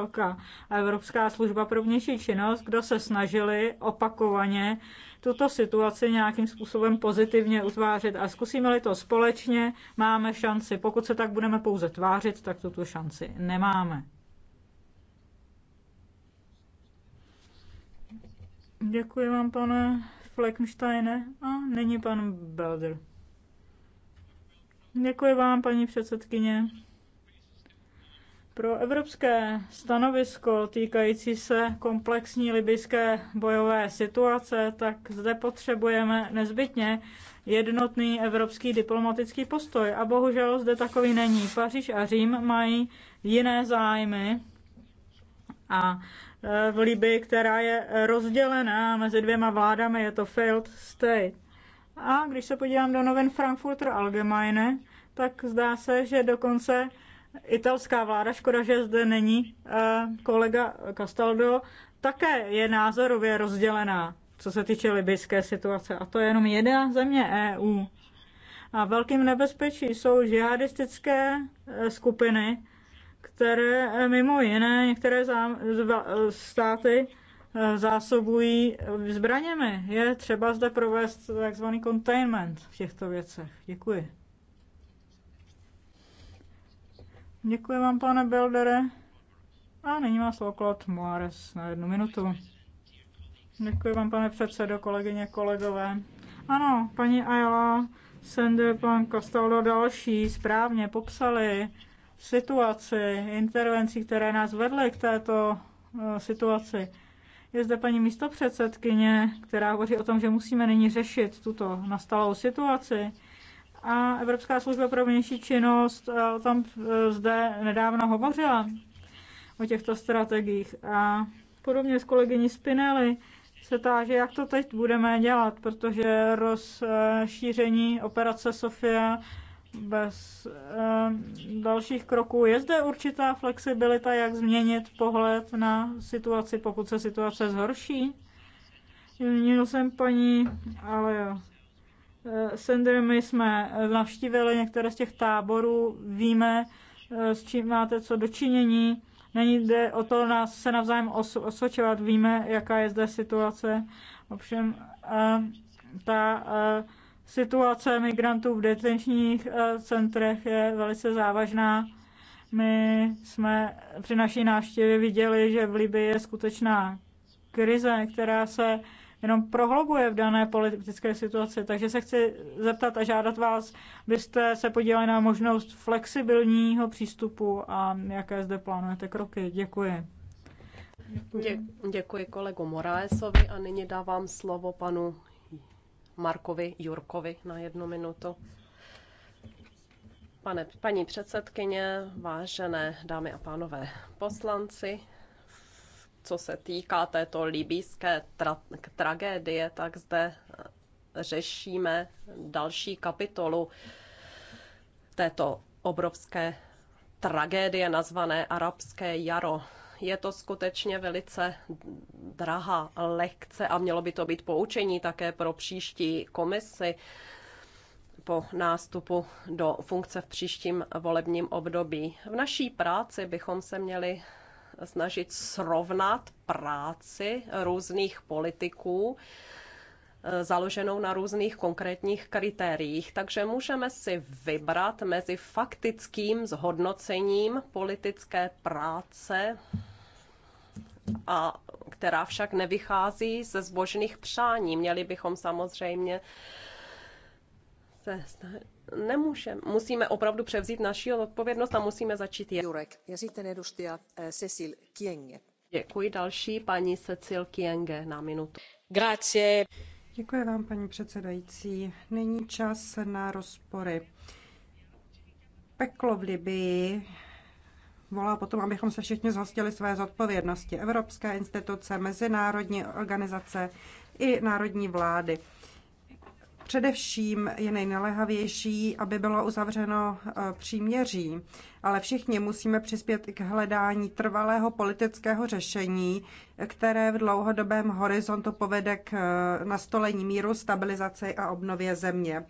roka. Evropská služba pro vnější činnost, kdo se snažili opakovaně tuto situaci nějakým způsobem pozitivně utvářet a zkusíme-li to společně, máme šanci. Pokud se tak budeme pouze tvářit, tak tuto šanci nemáme. Děkuji vám, pane Fleckensteine. A není pan Belder. Děkuji vám, paní předsedkyně. Pro evropské stanovisko týkající se komplexní libyské bojové situace, tak zde potřebujeme nezbytně jednotný evropský diplomatický postoj. A bohužel zde takový není. Paříž a Řím mají jiné zájmy a e, v Libii, která je rozdělená mezi dvěma vládami, je to failed state. A když se podívám do novin Frankfurter Allgemeine, tak zdá se, že dokonce italská vláda, škoda, že zde není eh, kolega Castaldo, také je názorově rozdělená, co se týče libyjské situace. A to je jenom jedna země EU. A velkým nebezpečí jsou žihadistické eh, skupiny, které eh, mimo jiné některé státy zásobují zbraněmi. Je třeba zde provést takzvaný containment v těchto věcech. Děkuji. Děkuji vám, pane Beldere A nyní má slovo Claude Moares na jednu minutu. Děkuji vám, pane předsedo, kolegyně, kolegové. Ano, paní Ayala, Sende, pan Castaldo, další správně popsali situaci, intervencí, které nás vedly k této eh, situaci. Je zde paní místopředsedkyně, která hovoří o tom, že musíme nyní řešit tuto nastalou situaci. A Evropská služba pro vnější činnost eh, tam eh, zde nedávno hovořila o těchto strategiích. A podobně s kolegyní Spinelli se táže, jak to teď budeme dělat, protože rozšíření operace Sofia bez eh, dalších kroků. Je zde určitá flexibilita, jak změnit pohled na situaci, pokud se situace zhorší? Měl jsem paní ale jo, Eh, Sandra, my jsme navštívili některé z těch táborů, víme, eh, s čím máte co dočinění. Není jde o to nás se navzájem os- osočovat, víme, jaká je zde situace. Ovšem, eh, ta situace migrantů v detenčních centrech je velice závažná. My jsme při naší návštěvě viděli, že v Libii je skutečná krize, která se jenom prohlubuje v dané politické situaci. Takže se chci zeptat a žádat vás, byste se podívali na možnost flexibilního přístupu a jaké zde plánujete kroky. Děkuji. Děkuji, Děkuji kolegu Moraesovi a nyní dávám slovo panu Markovi Jurkovi na jednu minutu. Pane, paní předsedkyně, vážené dámy a pánové poslanci, co se týká této libijské tra- tragédie, tak zde eh, řešíme další kapitolu této obrovské tragédie nazvané Arabské jaro. Je to skutečně velice drahá lekce a mělo by to být poučení také pro příští komisi po nástupu do funkce v příštím volebním období. V naší práci bychom se měli snažit srovnat práci různých politiků eh, založenou na různých konkrétních kritériích. Takže můžeme si vybrat mezi faktickým zhodnocením politické práce a která však nevychází ze zbožných přání. Měli bychom samozřejmě se nemůže. Musíme opravdu převzít naši odpovědnost a musíme začít je. Jurek, ja sitten edustaja eh, Cecil Kienge. Děkuji další paní Cecil Kienge na minutu. Grazie. Děkuji vám, paní předsedající. Není čas na rozpory. Peklo v Libii volá potom, abychom se všichni zhostili své zodpovědnosti. Evropské instituce, mezinárodní organizace i národní vlády. Především je nejnaléhavější, aby bylo uzavřeno e, příměří, ale všichni musíme přispět k hledání trvalého politického řešení, které v dlouhodobém horizontu povede k e, nastolení míru, stabilizaci a obnově země.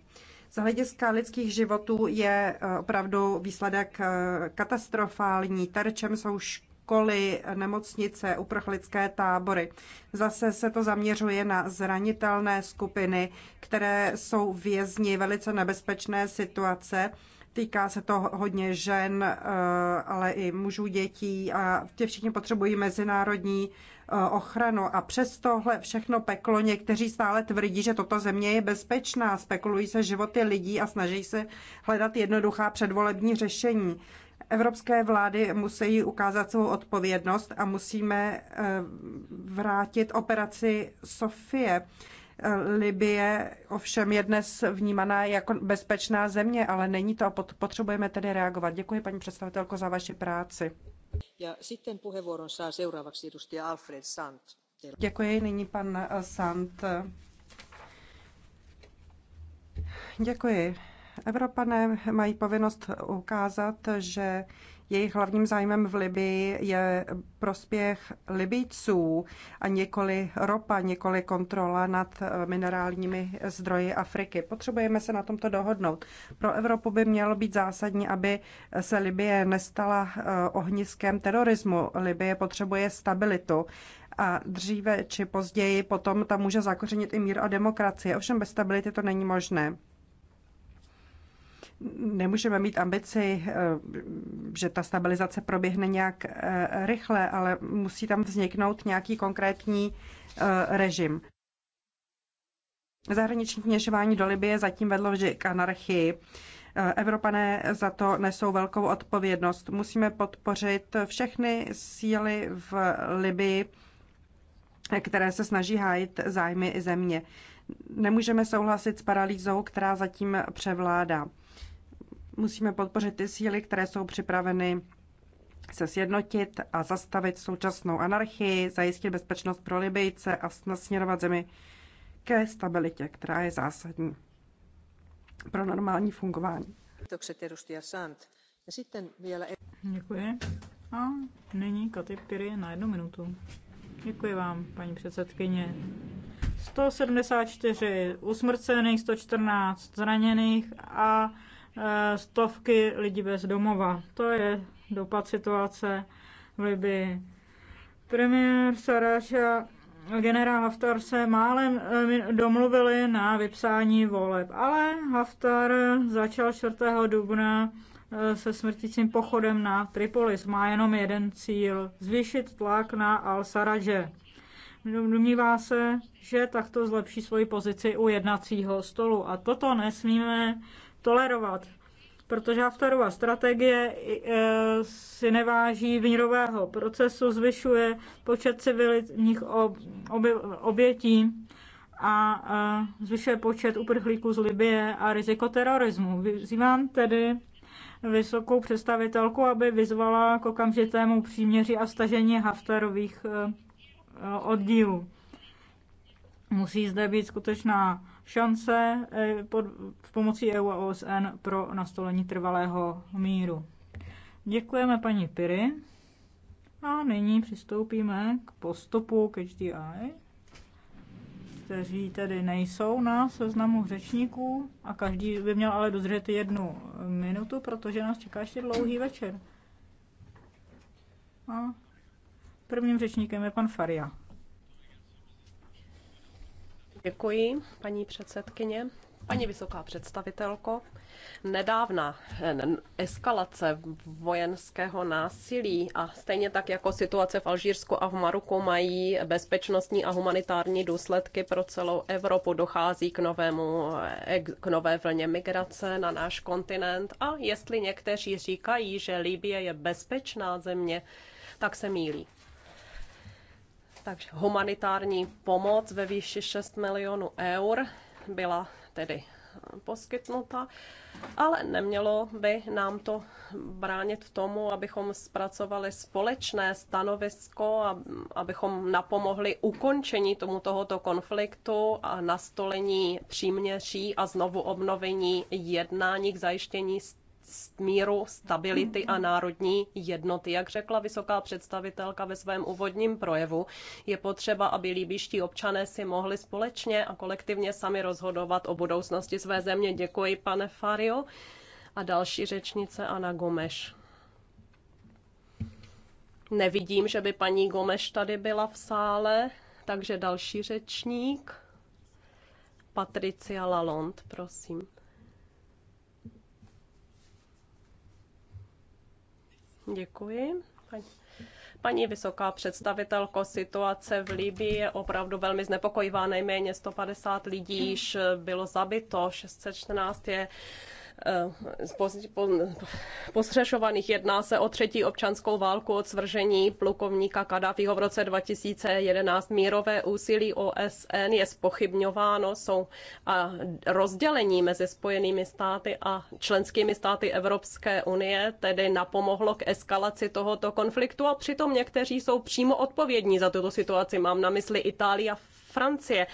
Z hlediska lidských životů je e, opravdu výsledek katastrofální. Terčem jsou školy, školy, nemocnice, uprchlické tábory. Zase se to zaměřuje na zranitelné skupiny, které jsou vězni velice nebezpečné situace. Týká se to hodně žen, eh, ale i mužů, dětí a ti všichni potřebují mezinárodní eh, ochranu. A přes tohle všechno peklo někteří stále tvrdí, že toto země je bezpečná. Spekulují se životy lidí a snaží se hledat jednoduchá předvolební řešení. Evropské vlády musí ukázat svou odpovědnost a musíme eh, vrátit operaci Sofie. Libie ovšem je dnes vnímaná jako bezpečná země, ale není to a potřebujeme tedy reagovat. Děkuji, paní představitelko, za vaši práci. Děkuji, nyní pan eh, Sant. Děkuji. Evropané mají povinnost ukázat, že jejich hlavním zájmem v Libii je prospěch Libijců a nikoli ropa, nikoli kontrola nad minerálními zdroji Afriky. Potřebujeme se na tomto dohodnout. Pro Evropu by mělo být zásadní, aby se Libie nestala eh, ohniskem terorismu. Libie potřebuje stabilitu a dříve či později potom tam může zakořenit i mír a demokracie. Ovšem bez stability to není možné nemůžeme mít ambici, eh, že ta stabilizace proběhne nějak eh, rychle, ale musí tam vzniknout nějaký konkrétní eh, režim. Zahraniční vněšování do Libie zatím vedlo vždy k anarchii. Evropané za to nesou velkou odpovědnost. Musíme podpořit všechny síly v Libii, které se snaží hájit zájmy země. Nemůžeme souhlasit s paralýzou, která zatím převládá. Musíme podpořit ty síly, které jsou připraveny se sjednotit a zastavit současnou anarchii, zajistit bezpečnost pro Libyjce a nasměrovat zemi ke stabilitě, která je zásadní pro normální fungování. Děkuji. A nyní Katy Piry na jednu minutu. Děkuji vám, paní předsedkyně. 174 usmrcených, 114 zraněných a Eh, stovky lidí bez domova. To je dopad situace v Libii. Premiér Saraš a generál Haftar se málem eh, domluvili na vypsání voleb, ale Haftar začal 4. dubna eh, se smrtícím pochodem na Tripolis. Má jenom jeden cíl zvýšit tlak na Al-Saraje. Domnívá se, že takto zlepší svoji pozici u jednacího stolu. A toto nesmíme tolerovat, protože Haftarová strategie e, si neváží mírového procesu, zvyšuje počet civilních obětí a e, zvyšuje počet uprchlíků z Libie a riziko terorismu. Vyzývám tedy vysokou představitelku, aby vyzvala k okamžitému příměři a stažení Haftarových e, oddílů. Musí zde být skutečná šance eh, pod, v pomocí EU a OSN pro nastolení trvalého míru. Děkujeme paní Piry. A nyní přistoupíme k postupu k HDI, kteří tedy nejsou na seznamu řečníků a každý by měl ale dodržet jednu minutu, protože nás čeká ještě dlouhý večer. A prvním řečníkem je pan Faria. Děkuji, paní předsedkyně. Paní vysoká představitelko, nedávna eh, eskalace vojenského násilí a stejně tak jako situace v Alžírsku a v Maroku mají bezpečnostní a humanitární důsledky pro celou Evropu. Dochází k, novému, eh, k nové vlně migrace na náš kontinent a jestli někteří říkají, že Libye je bezpečná země, tak se mílí. Takže humanitární pomoc ve výši 6 milionů eur byla tedy eh, poskytnuta, ale nemělo by nám to bránit v tomu, abychom zpracovali společné stanovisko, abychom napomohli ukončení tomu tohoto konfliktu a nastolení příměří a znovu obnovení jednání k zajištění míru stability a mhm. národní jednoty. Jak řekla vysoká představitelka ve svém úvodním projevu, je potřeba, aby líbíští občané si mohli společně a kolektivně sami rozhodovat o budoucnosti své země. Děkuji, pane Fario. A další řečnice Ana Gomeš. Nevidím, že by paní Gomeš tady byla v sále, takže další řečník. Patricia Lalonde, prosím. Děkuji. Paní, paní vysoká představitelko, situace v Libii je opravdu velmi znepokojivá. Nejméně 150 lidí již bylo zabito, 614 je Eh, postřešovaných. Jedná se o třetí občanskou válku od svržení plukovníka Kadáfího v roce 2011. Mírové úsilí OSN je spochybňováno jsou a rozdělení mezi Spojenými státy a členskými státy Evropské unie tedy napomohlo k eskalaci tohoto konfliktu a přitom někteří jsou přímo odpovědní za tuto situaci. Mám na mysli Itálii a Francie.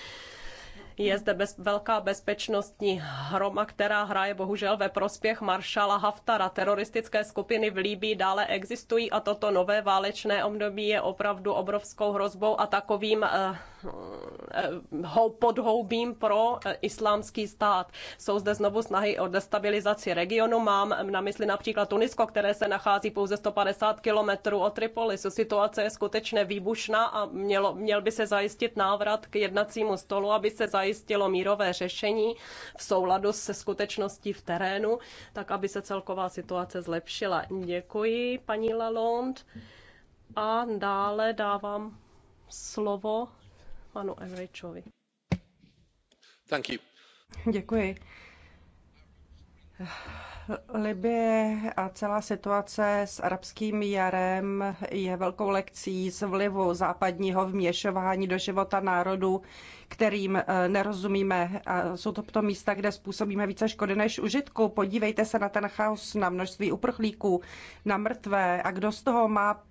Je zde bez, velká bezpečnostní hroma, která hraje bohužel ve prospěch maršala Haftara. Teroristické skupiny v Líbí dále existují a toto nové válečné období je opravdu obrovskou hrozbou a takovým uh, Eh, eh, podhoubím pro eh, islámský stát. Jsou zde znovu snahy o destabilizaci regionu. Mám na mysli například Tunisko, které se nachází pouze 150 kilometrů od Tripolisu. Situace je skutečně výbušná a mělo, měl by se zajistit návrat k jednacímu stolu, aby se zajistilo mírové řešení v souladu se skutečností v terénu, tak aby se celková situace zlepšila. Děkuji, paní Lalonde. A dále dávám slovo panu Enrichovi. Thank you. Děkuji. Libie a celá situace s arabským jarem je velkou lekcí z vlivu západního vměšování do života národů, kterým eh, nerozumíme. A jsou to potom místa, kde způsobíme více škody než užitku. Podívejte se na ten chaos, na množství uprchlíků, na mrtvé a kdo z toho má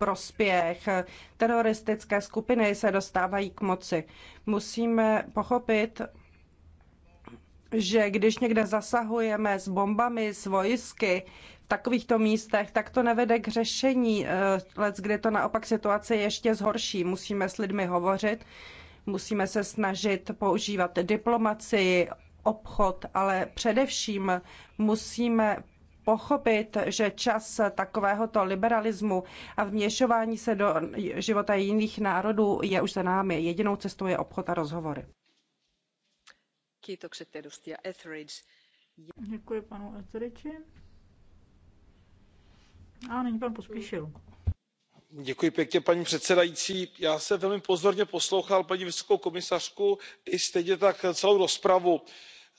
prospěch. Teroristické skupiny se dostávají k moci. Musíme pochopit, že když někde zasahujeme s bombami, s vojsky, v takovýchto místech, tak to nevede k řešení. Eh, let, kdy to naopak situace ještě zhorší. Musíme s lidmi hovořit, musíme se snažit používat diplomacii, obchod, ale především musíme pochopit, že čas takovéhoto liberalismu a vměšování se do života jiných národů je už za námi. Jedinou cestou je obchod a rozhovory. Děkuji panu Etheridge. A nyní pan Pospíšil. Děkuji pěkně, paní předsedající já jsem velmi pozorně poslouchal paní vysokou komisařku. i stejně tak celou rozpravu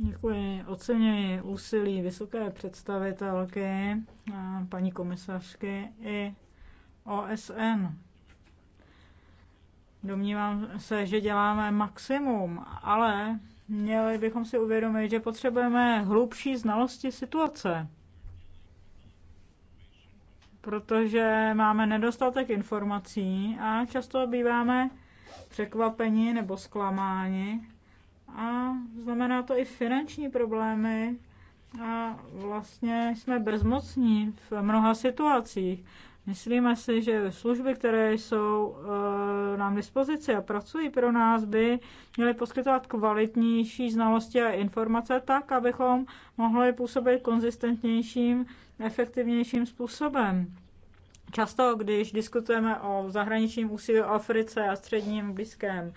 Děkuji. Oceňuji úsilí vysoké představitelky, paní komisařky i OSN. Domnívám se, že děláme maximum, ale měli bychom si uvědomit, že potřebujeme hlubší znalosti situace. Protože máme nedostatek informací a často býváme překvapeni nebo zklamáni a znamená to i finanční problémy a vlastně jsme bezmocní v mnoha situacích. Myslíme si, že služby, které jsou e, nám dispozici a pracují pro nás, by měly poskytovat kvalitnější znalosti a informace tak, abychom mohli působit konzistentnějším, efektivnějším způsobem. Často, když diskutujeme o zahraničním úsilí o Africe a středním blízkém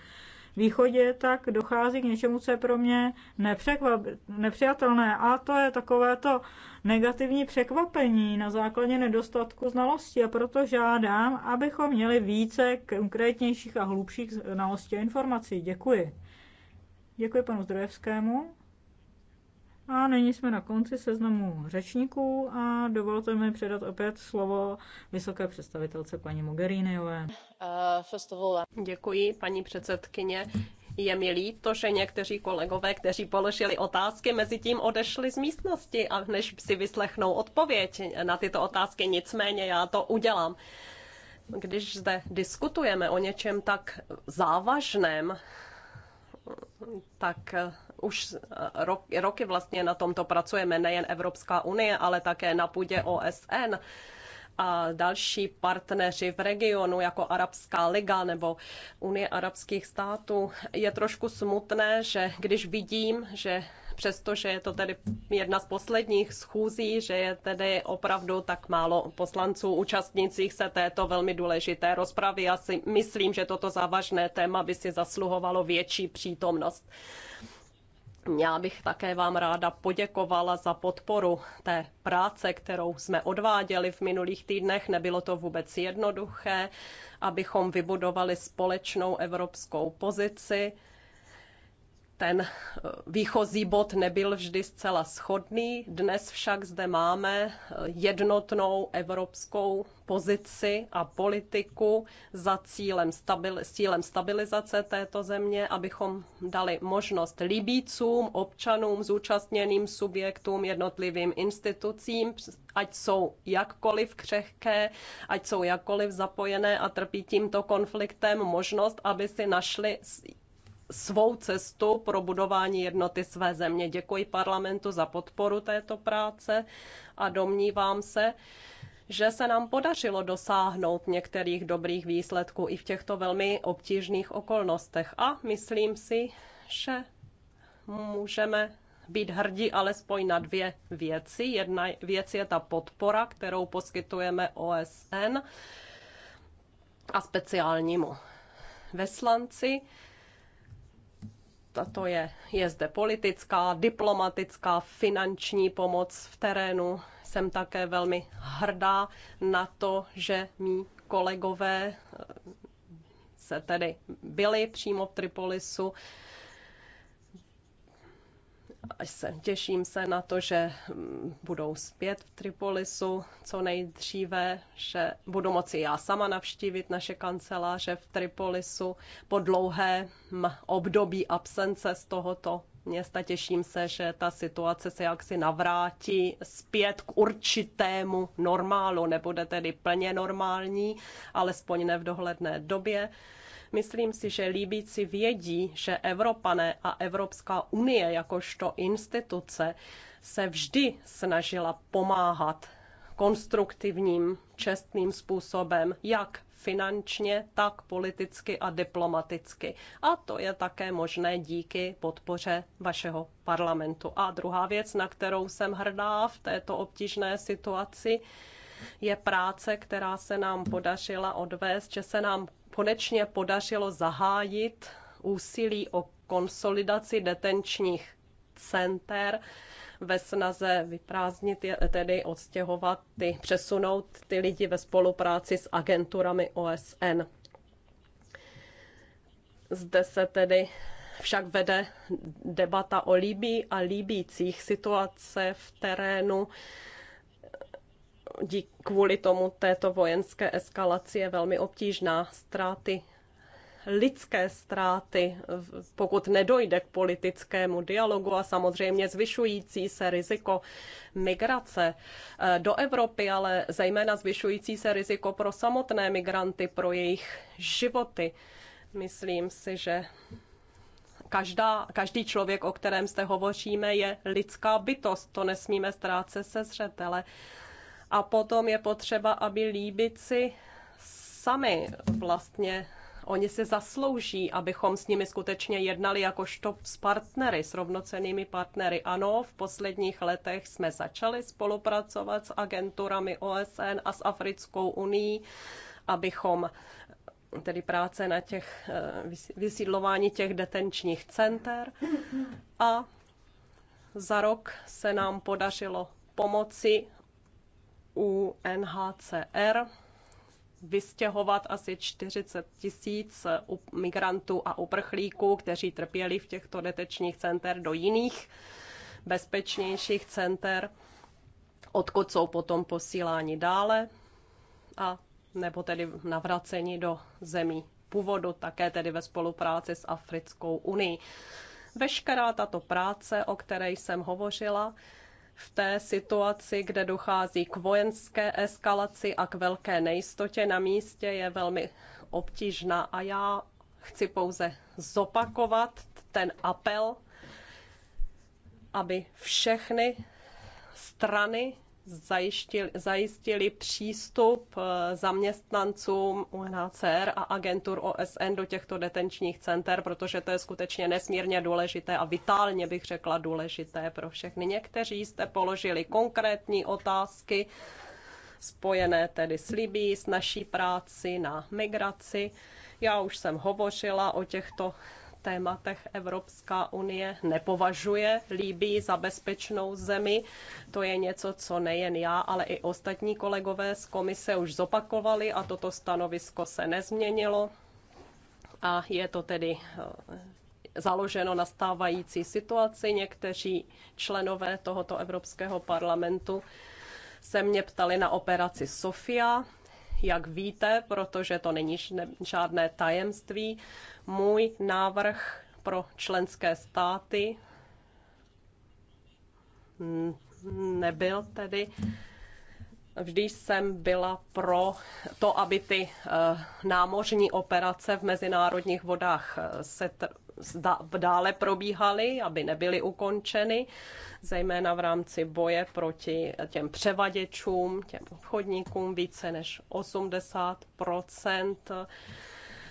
východě, tak dochází k něčemu, co je pro mě nepřijatelné. A to je takové to negativní překvapení na základě nedostatku znalostí. A proto žádám, abychom měli více konkrétnějších a hlubších znalostí a informací. Děkuji. Děkuji panu Zdrojevskému. A nyní jsme na konci seznamu řečníků a dovolte mi předat opět slovo vysoké představitelce paní Mogherinové. Uh, eh, eh, Děkuji, paní předsedkyně. Je mi líto, že někteří kolegové, kteří položili otázky, mezi tím odešli z místnosti a než si vyslechnou odpověď na tyto otázky, nicméně já to udělám. Když zde diskutujeme o něčem tak závažném, tak eh, už roky vlastně na tomto pracujeme, nejen Evropská unie, ale také na půdě OSN a další partneři v regionu, jako Arabská liga nebo Unie arabských států. Je trošku smutné, že když vidím, že přestože je to tedy jedna z posledních schůzí, že je tedy opravdu tak málo poslanců účastnících se této velmi důležité rozpravy. Já si myslím, že toto závažné téma by si zasluhovalo větší přítomnost. Já bych také vám ráda poděkovala za podporu té práce, kterou jsme odváděli v minulých týdnech. Nebylo to vůbec jednoduché, abychom vybudovali společnou evropskou pozici ten eh, výchozí bod nebyl vždy zcela schodný. Dnes však zde máme eh, jednotnou evropskou pozici a politiku za cílem, stabil, s cílem stabilizace této země, abychom dali možnost Libícům, občanům, zúčastněným subjektům, jednotlivým institucím, ať jsou jakkoliv křehké, ať jsou jakkoliv zapojené a trpí tímto konfliktem, možnost, aby si našli svou cestu pro budování jednoty své země. Děkuji parlamentu za podporu této práce a domnívám se, že se nám podařilo dosáhnout některých dobrých výsledků i v těchto velmi obtížných okolnostech. A myslím si, že můžeme být hrdí alespoň na dvě věci. Jedna věc je ta podpora, kterou poskytujeme OSN a speciálnímu veslanci, to je, je zde politická, diplomatická, finanční pomoc v terénu. Jsem také velmi hrdá na to, že mý kolegové eh, se tedy byli přímo v Tripolisu se, těším se na to, že mm, budou zpět v Tripolisu co nejdříve, že budu moci já sama navštívit naše kanceláře v Tripolisu po dlouhé mm, období absence z tohoto města. Těším se, že ta situace se jaksi navrátí zpět k určitému normálu. Nebude tedy plně normální, alespoň ne v dohledné době. Myslím si, že Líbíci vědí, že Evropané a Evropská unie jakožto instituce se vždy snažila pomáhat konstruktivním, čestným způsobem, jak finančně, tak politicky a diplomaticky. A to je také možné díky podpoře vašeho parlamentu. A druhá věc, na kterou jsem hrdá v této obtížné situaci, je práce, která se nám podařila odvést, že se nám konečně podařilo zahájit úsilí o konsolidaci detenčních center ve snaze vyprázdnit, tedy odstěhovat ty, přesunout ty lidi ve spolupráci s agenturami OSN. Zde se tedy však vede debata o Libii a Líbících situace v terénu dík, kvůli tomu této vojenské eskalaci je velmi obtížná. Ztráty, lidské ztráty, pokud nedojde k politickému dialogu a samozřejmě zvyšující se riziko migrace eh, do Evropy, ale zejména zvyšující se riziko pro samotné migranty, pro jejich životy. Myslím si, že každá, každý člověk, o kterém zde hovoříme, je lidská bytost. To nesmíme ztrácet se zřetele a potom je potřeba, aby Líbici sami vlastně oni si zaslouží, abychom s nimi skutečně jednali jakožto s partnery, s rovnocenými partnery. Ano, v posledních letech jsme začali spolupracovat s agenturami OSN a s Africkou unii, abychom tedy práce na těch eh, vysídlování těch detenčních center a za rok se nám podařilo pomoci u NHCR vystěhovat asi 40 tisíc migrantů a uprchlíků, kteří trpěli v těchto detečních center do jiných bezpečnějších center, odkud jsou potom posíláni dále a nebo tedy navraceni do zemí původu, také tedy ve spolupráci s Africkou unii. Veškerá tato práce, o které jsem hovořila, v té situaci, kde dochází k vojenské eskalaci a k velké nejistotě na místě, je velmi obtížná. A já chci pouze zopakovat ten apel, aby všechny strany zajistili, zajistili přístup eh, zaměstnancům UNHCR a agentur OSN do těchto detenčních center, protože to je skutečně nesmírně důležité a vitálně bych řekla důležité pro všechny. Někteří jste položili konkrétní otázky spojené tedy s Libí, s naší práci na migraci. Já už jsem hovořila o těchto tématech Evropská unie nepovažuje Líbii za bezpečnou zemi. To je něco, co nejen já, ale i ostatní kolegové z komise už zopakovali a toto stanovisko se nezměnilo. A je to tedy eh, založeno na stávající situaci. Někteří členové tohoto Evropského parlamentu se mě ptali na operaci Sofia, jak víte, protože to není žádné tajemství, můj návrh pro členské státy nebyl tedy. Vždy jsem byla pro to, aby ty eh, námořní operace v mezinárodních vodách eh, se dále probíhaly, aby nebyly ukončeny, zejména v rámci boje proti těm převaděčům, těm obchodníkům. Více než 80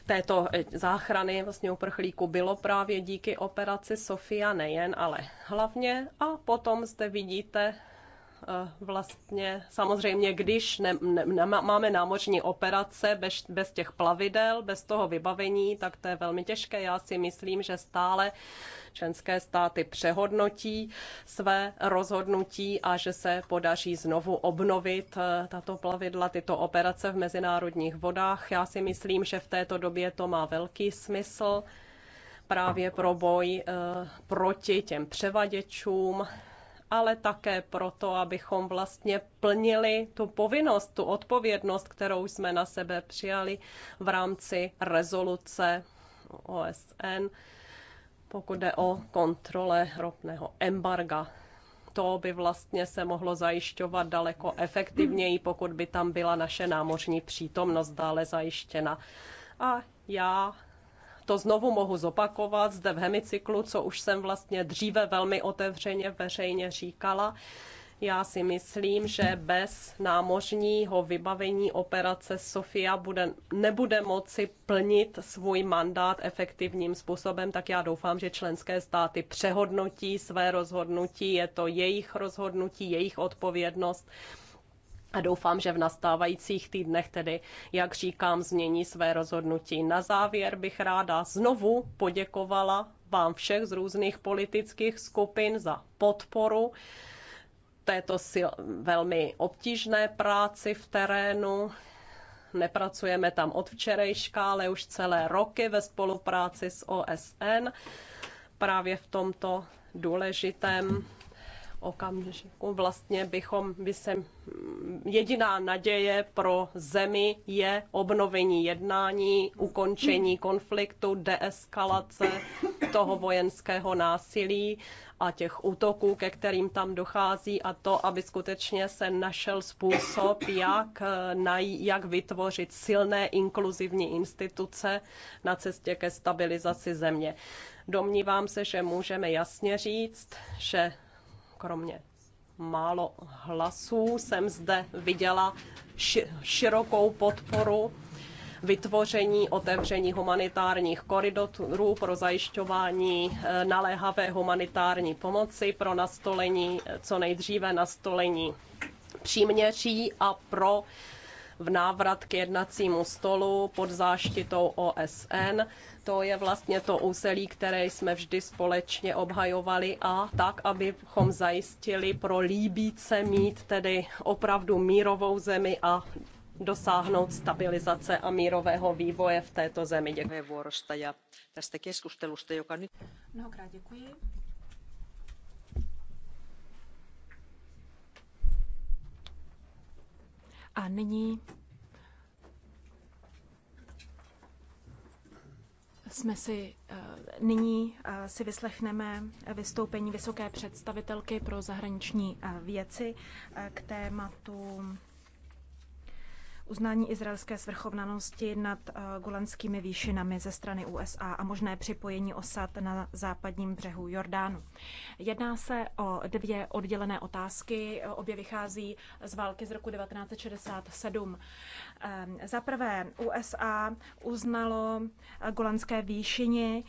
této eh, záchrany vlastně uprchlíku bylo právě díky operaci Sofia nejen, ale hlavně. A potom zde vidíte Eh, vlastně samozřejmě, když ne, ne, ne, máme námořní operace bez, bez těch plavidel, bez toho vybavení, tak to je velmi těžké. Já si myslím, že stále členské státy přehodnotí své rozhodnutí a že se podaří znovu obnovit eh, tato plavidla, tyto operace v mezinárodních vodách. Já si myslím, že v této době to má velký smysl právě pro boj eh, proti těm převaděčům, ale také proto, abychom vlastně plnili tu povinnost, tu odpovědnost, kterou jsme na sebe přijali v rámci rezoluce OSN, pokud jde o kontrole ropného embarga. To by vlastně se mohlo zajišťovat daleko efektivněji, pokud by tam byla naše námořní přítomnost dále zajištěna. A já to znovu mohu zopakovat zde v hemicyklu, co už jsem vlastně dříve velmi otevřeně veřejně říkala. Já si myslím, že bez námořního vybavení operace Sofia bude, nebude moci plnit svůj mandát efektivním způsobem, tak já doufám, že členské státy přehodnotí své rozhodnutí, je to jejich rozhodnutí, jejich odpovědnost a doufám, že v nastávajících týdnech tedy, jak říkám, změní své rozhodnutí. Na závěr bych ráda znovu poděkovala vám všech z různých politických skupin za podporu této sil- velmi obtížné práci v terénu. Nepracujeme tam od včerejška, ale už celé roky ve spolupráci s OSN právě v tomto důležitém okamžiku vlastně bychom by se jediná naděje pro zemi je obnovení jednání, ukončení konfliktu, deeskalace toho vojenského násilí a těch útoků, ke kterým tam dochází a to, aby skutečně se našel způsob, jak, naj, jak vytvořit silné inkluzivní instituce na cestě ke stabilizaci země. Domnívám se, že můžeme jasně říct, že kromě málo hlasů jsem zde viděla širokou podporu vytvoření otevření humanitárních koridorů pro zajišťování eh, naléhavé humanitární pomoci pro nastolení, eh, co nejdříve nastolení příměří a pro v návrat k jednacímu stolu pod záštitou OSN. To je vlastně to úsilí, které jsme vždy společně obhajovali a tak, abychom zajistili pro Líbíce mít tedy opravdu mírovou zemi a dosáhnout stabilizace a mírového vývoje v této zemi. Děkuji. Mnohokrát děkuji. A nyní jsme si eh, nyní eh, si vyslechneme vystoupení vysoké představitelky pro zahraniční eh, věci k tématu uznání izraelské svrchovnanosti nad eh, golanskými výšinami ze strany USA a možné připojení osad na západním břehu Jordánu. Jedná se o dvě oddělené otázky, obě vychází z války z roku 1967. Eh, za prvé, USA uznalo eh, golanské výšiny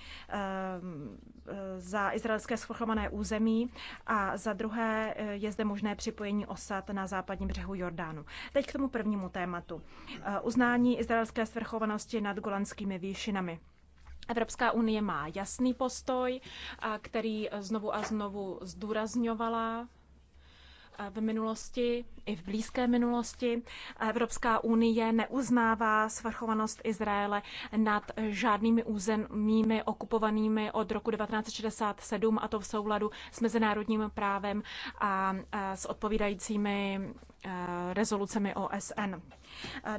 Eh, za izraelské svrchované území a za druhé eh, je zde možné připojení osad na západním břehu Jordánu. Teď k tomu prvnímu tématu. Eh, uznání izraelské svrchovanosti nad golanskými výšinami. Evropská unie má jasný postoj, který znovu a znovu zdůrazňovala v minulosti i v blízké minulosti Evropská unie neuznává svrchovanost Izraele nad žádnými územími okupovanými od roku 1967 a to v souladu s mezinárodním právem a s odpovídajícími Eh, rezolucemi OSN.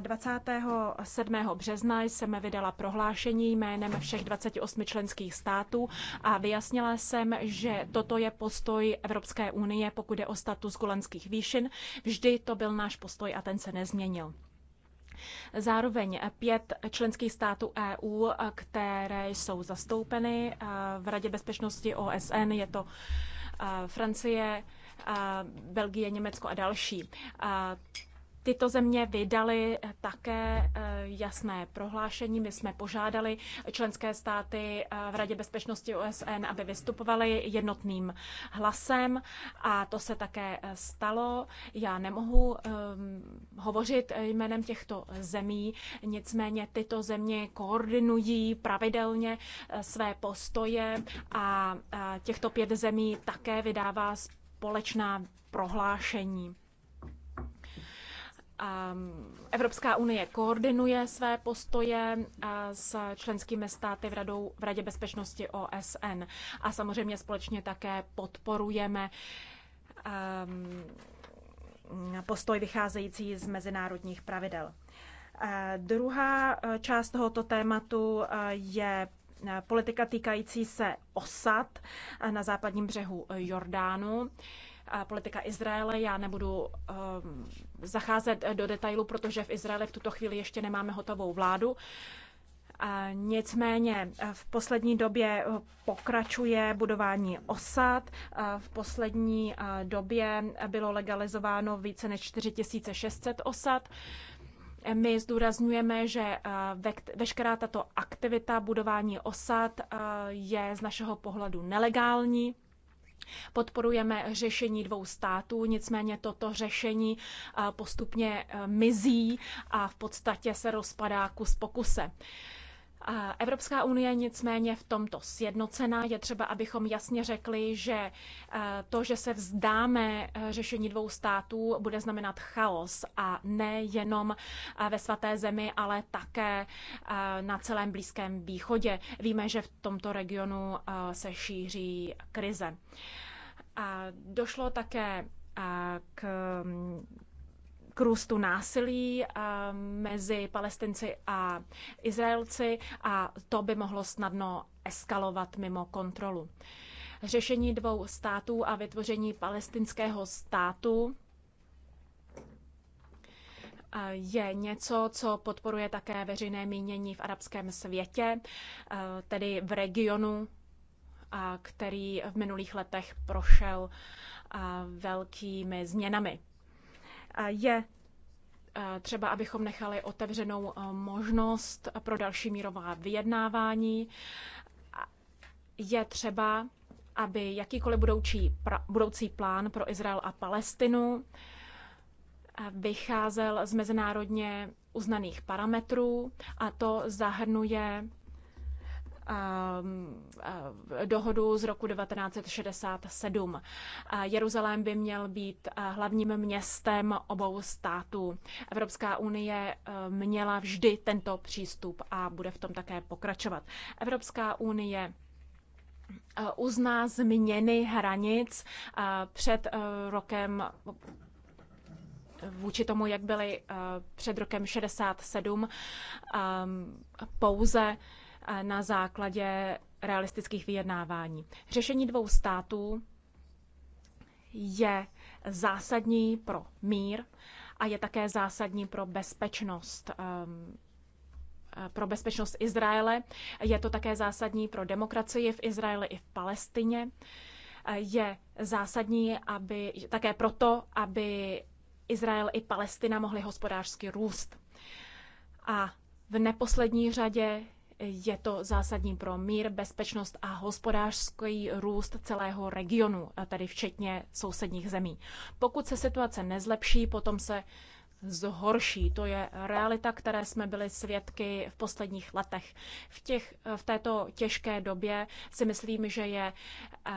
27. Eh, března jsem vydala prohlášení jménem všech 28 členských států a vyjasnila jsem, že toto je postoj Evropské unie, pokud je o status golanských výšin. Vždy to byl náš postoj a ten se nezměnil. Zároveň pět členských států EU, které jsou zastoupeny eh, v Radě bezpečnosti OSN, je to Francie, Belgie, Německo a další. Tyto země vydaly také e, jasné prohlášení. My jsme požádali členské státy e, v Radě bezpečnosti OSN, aby vystupovali jednotným hlasem a to se také e, stalo. Já nemohu hovořit jménem těchto zemí, nicméně tyto země koordinují pravidelně své postoje a těchto pět zemí také vydává společná prohlášení. Evropská unie koordinuje své postoje s členskými státy v, radou, v Radě bezpečnosti OSN a samozřejmě společně také podporujeme postoj vycházející z mezinárodních pravidel. Druhá e, část tohoto tématu e, je Eh, politika týkající se osad eh, na západním břehu Jordánu. Politika Izraele, já nebudu eh, zacházet do detailu, protože v Izraeli v tuto chvíli ještě nemáme hotovou vládu. Nicméně v poslední době pokračuje budování osad. V poslední době bylo legalizováno více než 4600 osad. My zdůrazňujeme, že eh, veškerá tato aktivita budování osad eh, je z našeho pohledu nelegální. Podporujeme řešení dvou států, nicméně toto řešení eh, postupně mizí a v podstatě se rozpadá kus po kuse. Evropská unie nicméně v tomto sjednocená. Je třeba, abychom jasně řekli, že eh, to, že se vzdáme eh, řešení dvou států, bude znamenat chaos a ne jenom eh, ve svaté zemi, ale také na celém Blízkém východě. Víme, že v tomto regionu se šíří krize. Došlo také k k růstu násilí eh, mezi palestinci a Izraelci a to by mohlo snadno eskalovat mimo kontrolu. Řešení dvou států a vytvoření palestinského státu eh, je něco, co podporuje také veřejné mínění v arabském světě, eh, tedy v regionu, který v minulých letech prošel velkými změnami je eh, třeba, abychom nechali otevřenou eh, možnost pro další mírová vyjednávání. Je třeba, aby jakýkoliv budoucí, budoucí plán pro Izrael a Palestinu eh, vycházel z mezinárodně uznaných parametrů a to zahrnuje Um, uh, dohodu z roku 1967. Uh, Jeruzalém by měl být uh, hlavním městem obou států. Evropská unie měla vždy tento přístup a bude v tom také pokračovat. Evropská unie uzná změny hranic před rokem vůči tomu, jak byly před rokem 67 um, pouze na základě realistických vyjednávání. Řešení dvou států je zásadní pro mír a je také zásadní pro bezpečnost ehm, eh, pro bezpečnost Izraele. Je to také zásadní pro demokracii v Izraeli i v Palestině. Eh, je zásadní aby, také proto, aby Izrael i Palestina mohli hospodářsky růst. A v neposlední řadě je to zásadní pro mír, bezpečnost a hospodářský růst celého regionu, tedy včetně sousedních zemí. Pokud se situace nezlepší, potom se zhorší. To je realita, které jsme byli svědky v posledních letech. V, těch, v této těžké době si myslím, že je eh,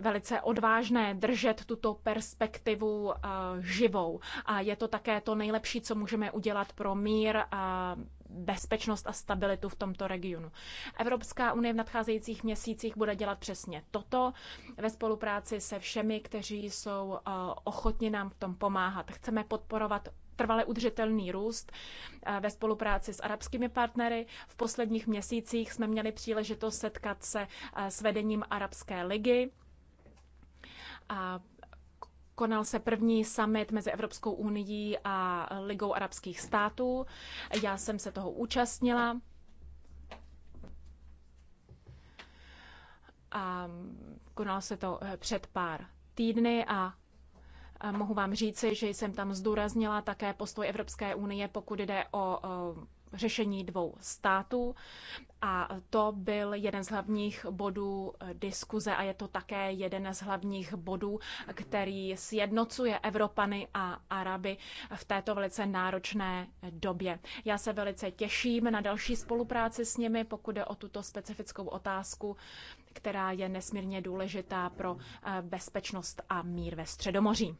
velice odvážné držet tuto perspektivu eh, živou. A je to také to nejlepší, co můžeme udělat pro mír, bezpečnost a stabilitu v tomto regionu. Evropská unie v nadcházejících měsících bude dělat přesně toto ve spolupráci se všemi, kteří jsou eh, ochotni nám v tom pomáhat. Chceme podporovat trvale udržitelný růst eh, ve spolupráci s arabskými partnery. V posledních měsících jsme měli příležitost setkat se eh, s vedením Arabské ligy. A konal se první summit mezi Evropskou unii a Ligou arabských států. Já jsem se toho účastnila. A konal se to eh, před pár týdny a eh, mohu vám říci, že jsem tam zdůraznila také postoj Evropské unie, pokud jde o eh, řešení dvou států a to byl jeden z hlavních bodů diskuze a je to také jeden z hlavních bodů, který sjednocuje Evropany a Araby v této velice náročné době. Já se velice těším na další spolupráci s nimi, pokud jde o tuto specifickou otázku, která je nesmírně důležitá pro bezpečnost a mír ve Středomoří.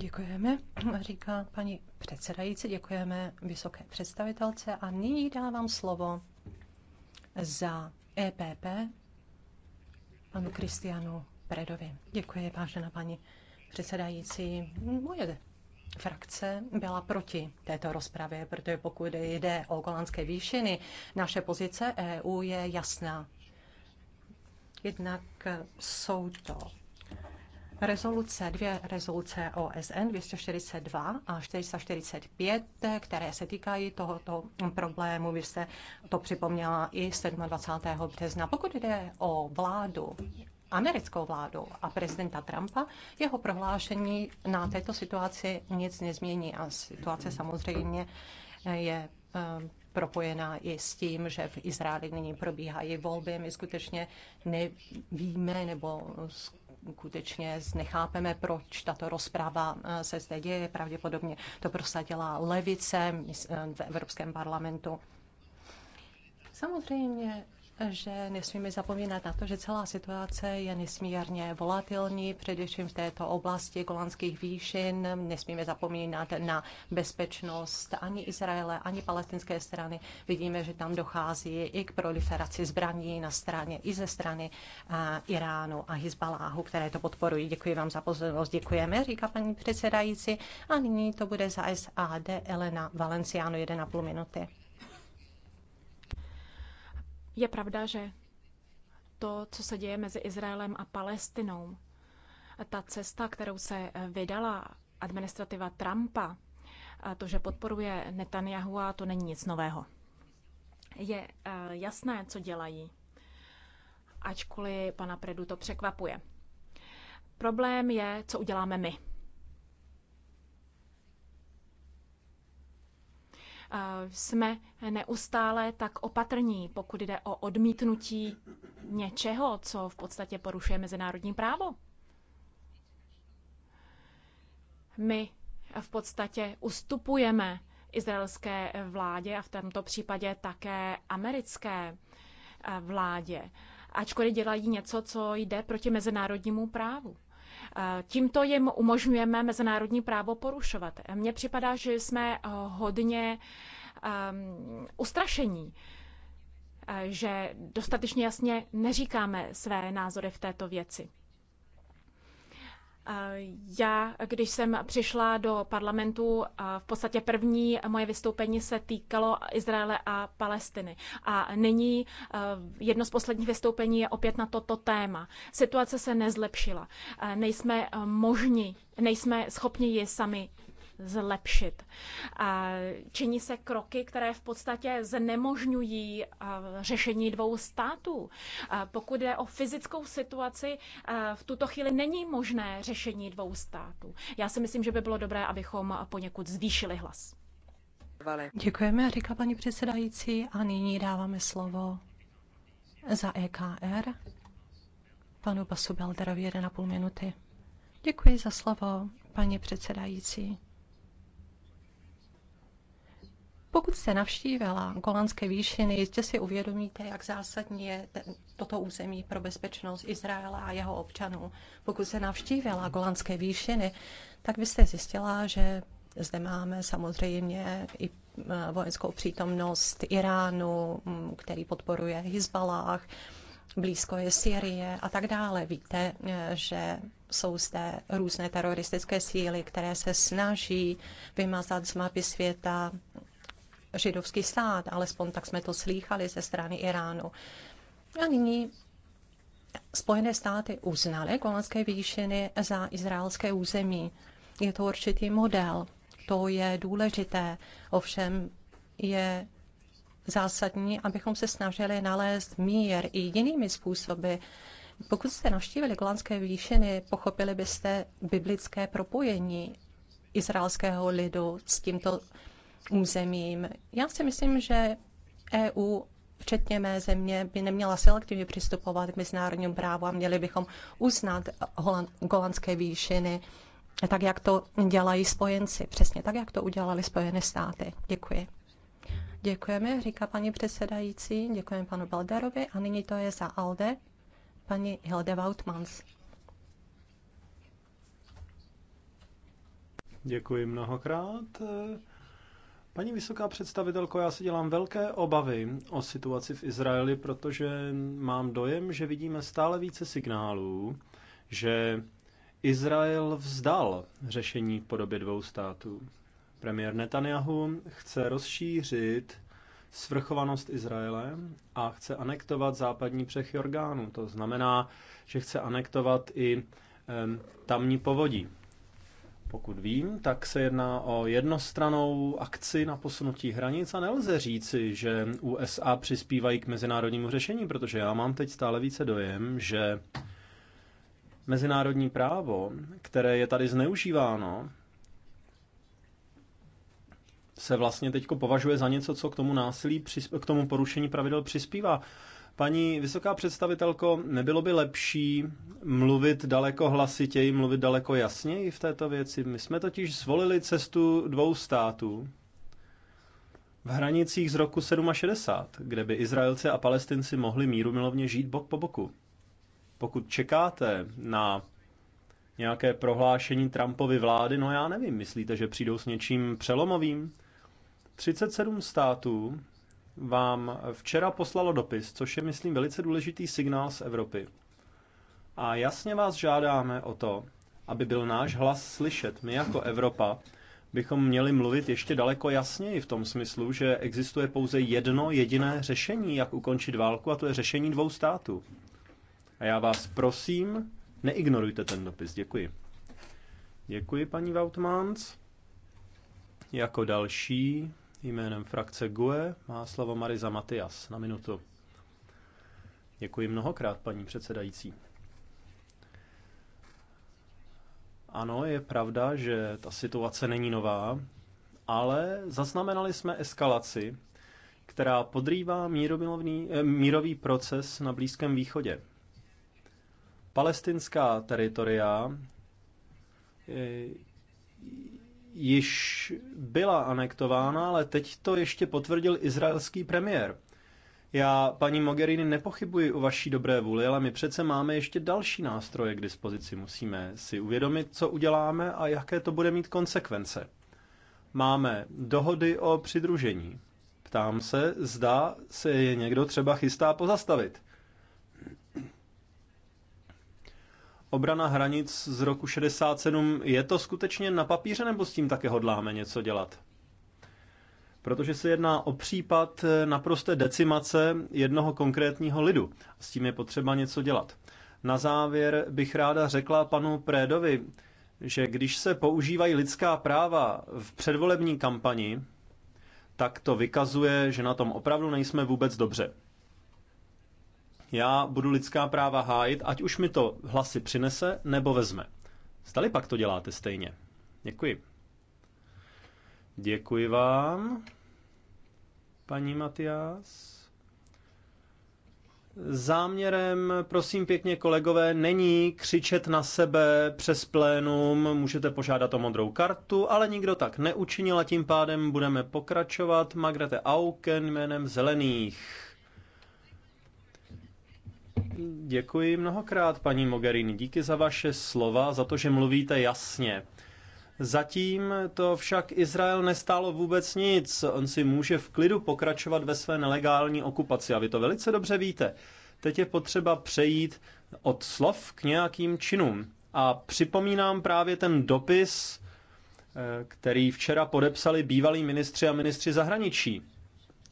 Děkujeme, říká paní předsedající, děkujeme vysoké představitelce a nyní dávám slovo za EPP panu Kristianu Predovi. Děkuji, vážená paní předsedající. Moje frakce byla proti této rozpravě, protože pokud jde o golandské výšiny, naše pozice EU je jasná. Jednak jsou to rezoluce, dvě rezoluce OSN 242 a 445, které se týkají tohoto problému. Vy jste to připomněla i 27. března. Pokud jde o vládu, americkou vládu a prezidenta Trumpa, jeho prohlášení na této situaci nic nezmění a situace samozřejmě je eh, propojená i s tím, že v Izraeli nyní probíhají volby. My skutečně nevíme nebo skutečně nechápeme, proč tato rozprava eh, se zde děje. Pravděpodobně to prosadila levice eh, v Evropském parlamentu. Samozřejmě že nesmíme zapomínat na to, že celá situace je nesmírně volatilní, především v této oblasti golanských výšin. Nesmíme zapomínat na bezpečnost ani Izraele, ani palestinské strany. Vidíme, že tam dochází i k proliferaci zbraní na straně i ze strany eh, Iránu a Hezbaláhu, které to podporují. Děkuji vám za pozornost. Děkujeme, říká paní předsedající. A nyní to bude za SAD Elena Valenciano 1,5 minuty. Je pravda, že to, co se děje mezi Izraelem a Palestinou, ta cesta, kterou se vydala administrativa Trumpa, to, že podporuje Netanyahu, to není nic nového. Je e, jasné, co dělají, ačkoliv pana Predu to překvapuje. Problém je, co uděláme my. jsme neustále tak opatrní, pokud jde o odmítnutí něčeho, co v podstatě porušuje mezinárodní právo. My v podstatě ustupujeme izraelské vládě a v tomto případě také americké eh, vládě, ačkoliv dělají něco, co jde proti mezinárodnímu právu. Tímto jim umožňujeme mezinárodní právo porušovat. Mně připadá, že jsme eh, hodně um, ustrašení, eh, že dostatečně jasně neříkáme své názory v této věci. Já, když jsem přišla do parlamentu, v podstatě první moje vystoupení se týkalo Izraele a Palestiny. A nyní e, jedno z posledních vystoupení je opět na toto téma. Situace se nezlepšila. E, nejsme e, možni, nejsme schopni ji sami zlepšit. Činí se kroky, které v podstatě znemožňují řešení dvou států. Pokud je o fyzickou situaci, v tuto chvíli není možné řešení dvou států. Já si myslím, že by bylo dobré, abychom poněkud zvýšili hlas. Děkujeme, říká paní předsedající, a nyní dáváme slovo za EKR panu Basu Belderovi 1,5 minuty. Děkuji za slovo, paní předsedající. Pokud jste navštívila Golanské výšiny, jistě si uvědomíte, jak zásadní je ten, toto území pro bezpečnost Izraela a jeho občanů. Pokud jste navštívila Golanské výšiny, tak byste zjistila, že zde máme samozřejmě i e, vojenskou přítomnost Iránu, který podporuje Hezbalah, blízko je Syrie a tak dále. Víte, e, že jsou zde různé teroristické síly, které se snaží vymazat z mapy světa židovský stát, alespoň tak jsme to slýchali ze strany Iránu. A nyní Spojené státy uznaly Golanské výšiny za izraelské území. Je to určitý model, to je důležité, ovšem je zásadní, abychom se snažili nalézt mír i jinými způsoby. Pokud jste navštívili Golanské výšiny, pochopili byste biblické propojení izraelského lidu s tímto územím. Já si myslím, že EU včetně mé země, by neměla selektivně přistupovat k mezinárodnímu právu a měli bychom uznat holandské golandské výšiny, tak jak to dělají spojenci, přesně tak, jak to udělali Spojené státy. Děkuji. Děkujeme, říká paní předsedající, děkujeme panu Balderovi a nyní to je za ALDE, paní Hilde Wautmans. Děkuji mnohokrát. Paní vysoká představitelko, já si dělám velké obavy o situaci v Izraeli, protože mám dojem, že vidíme stále více signálů, že Izrael vzdal řešení v podobě dvou států. Premiér Netanyahu chce rozšířit svrchovanost Izraele a chce anektovat západní břeh Jordánu. To znamená, že chce anektovat i tamní povodí. Pokud vím, tak se jedná o jednostranou akci na posunutí hranic a nelze říci, že USA přispívají k mezinárodnímu řešení, protože já mám teď stále více dojem, že mezinárodní právo, které je tady zneužíváno, se vlastně teď považuje za něco, co k tomu násilí, k tomu porušení pravidel přispívá. Paní vysoká představitelko, nebylo by lepší mluvit daleko hlasitěji, mluvit daleko jasněji v této věci? My jsme totiž zvolili cestu dvou států v hranicích z roku 67, kde by Izraelci a Palestinci mohli míru milovně žít bok po boku. Pokud čekáte na nějaké prohlášení Trumpovy vlády, no já nevím, myslíte, že přijdou s něčím přelomovým? 37 států vám včera poslalo dopis, což je, myslím, velice důležitý signál z Evropy. A jasně vás žádáme o to, aby byl náš hlas slyšet. My jako Evropa bychom měli mluvit ještě daleko jasněji v tom smyslu, že existuje pouze jedno jediné řešení, jak ukončit válku, a to je řešení dvou států. A já vás prosím, neignorujte ten dopis. Děkuji. Děkuji, paní Vautmans. Jako další Jménem frakce GUE má slovo Mariza Matias na minutu. Děkuji mnohokrát, paní předsedající. Ano, je pravda, že ta situace není nová, ale zaznamenali jsme eskalaci, která podrývá mírový, eh, mírový proces na Blízkém východě. Palestinská teritoria eh, již byla anektována, ale teď to ještě potvrdil izraelský premiér. Já, paní Mogherini, nepochybuji o vaší dobré vůli, ale my přece máme ještě další nástroje k dispozici. Musíme si uvědomit, co uděláme a jaké to bude mít konsekvence. Máme dohody o přidružení. Ptám se, zda se je někdo třeba chystá pozastavit. obrana hranic z roku 67, je to skutečně na papíře nebo s tím také hodláme něco dělat? Protože se jedná o případ naprosté decimace jednoho konkrétního lidu. S tím je potřeba něco dělat. Na závěr bych ráda řekla panu Prédovi, že když se používají lidská práva v předvolební kampani, tak to vykazuje, že na tom opravdu nejsme vůbec dobře. Já budu lidská práva hájit, ať už mi to hlasy přinese nebo vezme. Stali pak to děláte stejně. Děkuji. Děkuji vám, paní Matias. Záměrem, prosím pěkně kolegové, není křičet na sebe přes plénum, můžete požádat o modrou kartu, ale nikdo tak neučinil a tím pádem budeme pokračovat. Magrete Auken jménem Zelených. Děkuji mnohokrát, paní Mogherini. Díky za vaše slova, za to, že mluvíte jasně. Zatím to však Izrael nestálo vůbec nic. On si může v klidu pokračovat ve své nelegální okupaci a vy to velice dobře víte. Teď je potřeba přejít od slov k nějakým činům. A připomínám právě ten dopis, eh, který včera podepsali bývalí ministři a ministři zahraničí.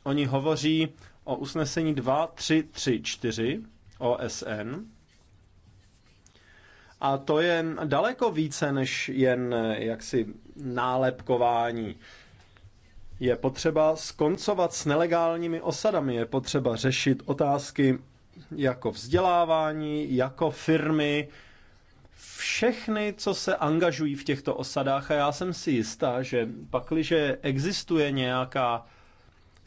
Oni hovoří o usnesení 2334, OSN. A to je daleko více než jen jaksi nálepkování. Je potřeba skoncovat s nelegálními osadami, je potřeba řešit otázky jako vzdělávání, jako firmy, všechny, co se angažují v těchto osadách. A já jsem si jistá, že pakliže existuje nějaká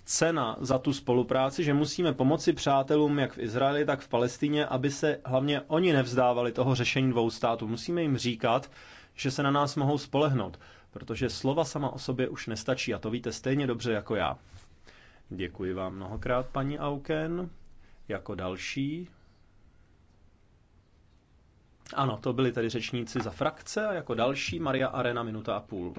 cena za tu spolupráci, že musíme pomoci přátelům jak v Izraeli, tak v Palestině, aby se hlavně oni nevzdávali toho řešení dvou států. Musíme jim říkat, že se na nás mohou spolehnout, protože slova sama o sobě už nestačí a to víte stejně dobře jako já. Děkuji vám mnohokrát, paní Auken. Jako další ano, to byli tady řečníci za frakce a jako další Maria Arena minuta a půl.